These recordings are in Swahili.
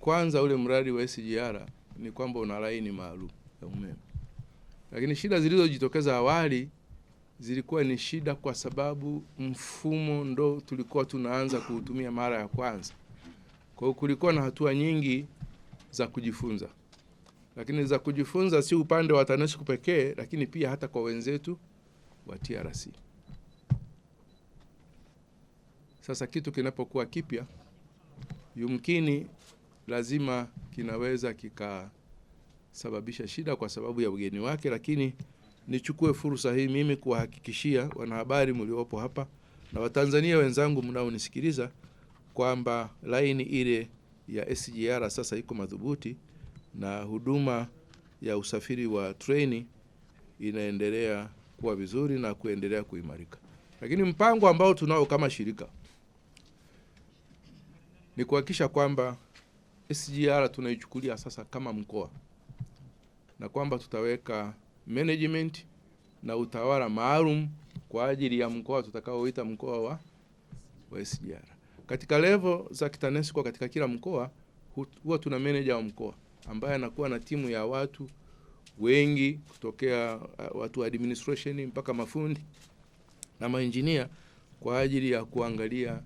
Kwanza ule mradi wa SGR ni kwamba una laini maalum ya umeme, lakini shida zilizojitokeza awali zilikuwa ni shida kwa sababu mfumo ndo tulikuwa tunaanza kuutumia mara ya kwanza. Kwa hiyo kulikuwa na hatua nyingi za kujifunza, lakini za kujifunza si upande wa TANESCO pekee, lakini pia hata kwa wenzetu wa TRC. Sasa kitu kinapokuwa kipya, yumkini lazima kinaweza kikasababisha shida kwa sababu ya ugeni wake, lakini nichukue fursa hii mimi kuwahakikishia wanahabari mliopo hapa na Watanzania wenzangu mnaonisikiliza kwamba laini ile ya SGR sasa iko madhubuti na huduma ya usafiri wa treni inaendelea kuwa vizuri na kuendelea kuimarika. Lakini mpango ambao tunao kama shirika ni kuhakikisha kwamba SGR tunaichukulia sasa kama mkoa, na kwamba tutaweka management na utawala maalum kwa ajili ya mkoa tutakaoita mkoa wa, wa SGR. Katika level za TANESCO katika kila mkoa huwa tuna manager wa mkoa ambaye anakuwa na timu ya watu wengi kutokea uh, watu wa administration mpaka mafundi na maengineer kwa ajili ya kuangalia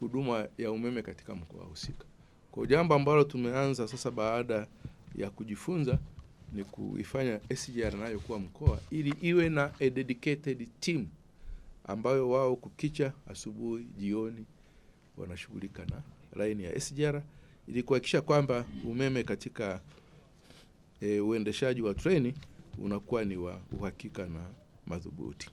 huduma ya umeme katika mkoa husika. Kwa jambo ambalo tumeanza sasa baada ya kujifunza ni kuifanya SGR nayo kuwa mkoa ili iwe na a dedicated team ambayo wao kukicha, asubuhi, jioni wanashughulika na laini ya SGR ili kuhakikisha kwamba umeme katika e, uendeshaji wa treni unakuwa ni wa uhakika na madhubuti.